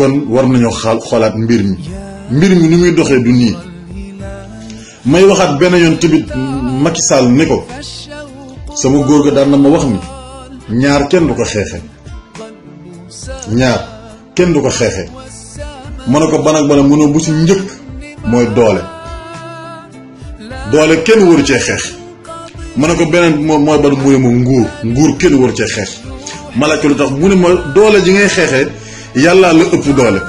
kon war nañoo xaal xoolaat mbir mi mbir mi ni muy du may Macky Sall ne ko sama na ma wax ni ñaar kenn du ko ñaar kenn du ko xeexe ko ban ak ban bu si njëkk mooy doole doole kenn waru cee xeex mën ko beneen mooy ban mu ne nguur nguur kenn waru cee ma doole ji ngay yàllaa la ëpp doole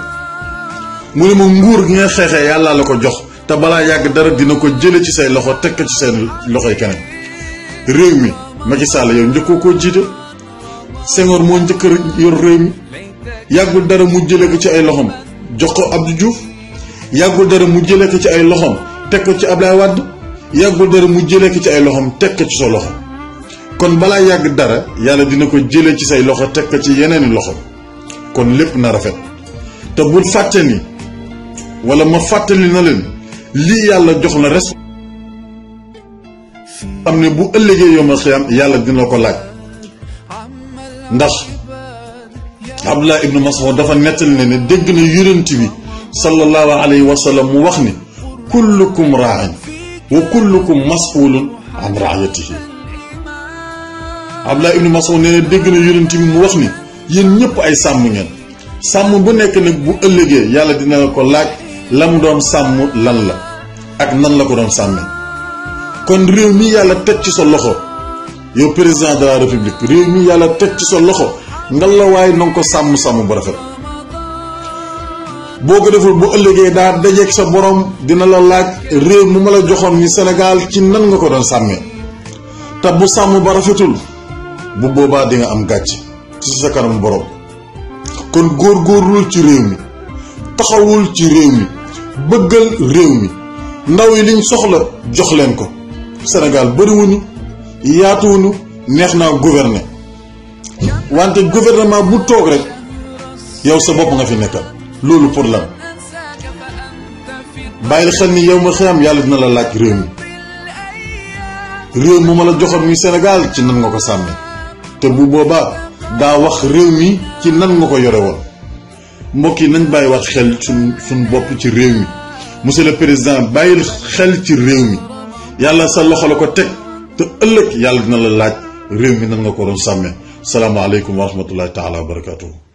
mu ne ma nguur gi nga xeexee yàlla la ko jox te balaa yàgg dara dina ko jële ci say loxo teg ko ci seen loxoy keneen réew mi Macky Sall yow njëkkoo koo jiite Senghor moo njëkk yor réew mi dara mu jële ci ay loxom jox ko Abdou Diouf yàggul dara mu jëlee ci ay loxom teg ci Ablaye Wade yàggul dara mu jëlee ko ci ay loxom teg ci sa loxo kon balaa yàgg dara yàlla dina ko jële ci say loxo teg ko ci yeneeni i loxo kon lépp na rafet te bu fatani wala ma fatali na len li yàlla jox na res amne ne bu ëllëgee yowmal xiyam yàlla dina ko laaj ndax Abdullah ibn Mas'ud dafa netal ne dégg na yurenti bi sallallahu alayhi wa sallam wax ni kullukum ra'in wa kullukum mas'ulun an ra'yatihi Abdullah ibn Mas'ud ne dégg na yurenti bi mu wax ni yéen ñëpp ay sàmm ngeen sàmm bu nekk nag bu ëllëgee yàlla dina la ko laaj la mu doon sàmm lan la ak nan la ko doon sàmmee kon réew mi yàlla teg ci sa loxo yow président de la république réew mi yàlla teg ci sa loxo nga la waaye na ko sàmm sàmm bu rafet boo ko deful bu ëllëgee daa dajeeg sa boroom dina la laaj réew mu ma la joxoon ni Sénégal ci nan nga ko doon sàmmee te bu sàmm ba rafetul bu boobaa di nga am gàcc ci sa kanam borom kon góorgóorlul ci réew mi taxawul ci réew mi bëggal réew mi ndaw yi liñ soxla jox leen ko Sénégal bëriwuñu yaatuwuñu neex naa gouverner wante gouvernement bu toog rek yow sa bopp nga fi nekkal loolu pour lan bàyyil xel ni yow ma xiyam yàlla dina la laaj réew mi réew mu ma la joxoon muy Sénégal ci nan nga ko sàmme te bu boobaa daa wax réew mi ci nan nga ko yore woon mbokk yi nañ bàyyiwaat xel suñ suñ bopp ci réew mi monsieur le président bàyyil xel ci réew mi yàlla sa loxo la ko teg te ëllëg yàlla dina la laaj réew mi nan nga ko doon sàmmee salaamaaleykum wa rahmatullahi taala wa barakatuhu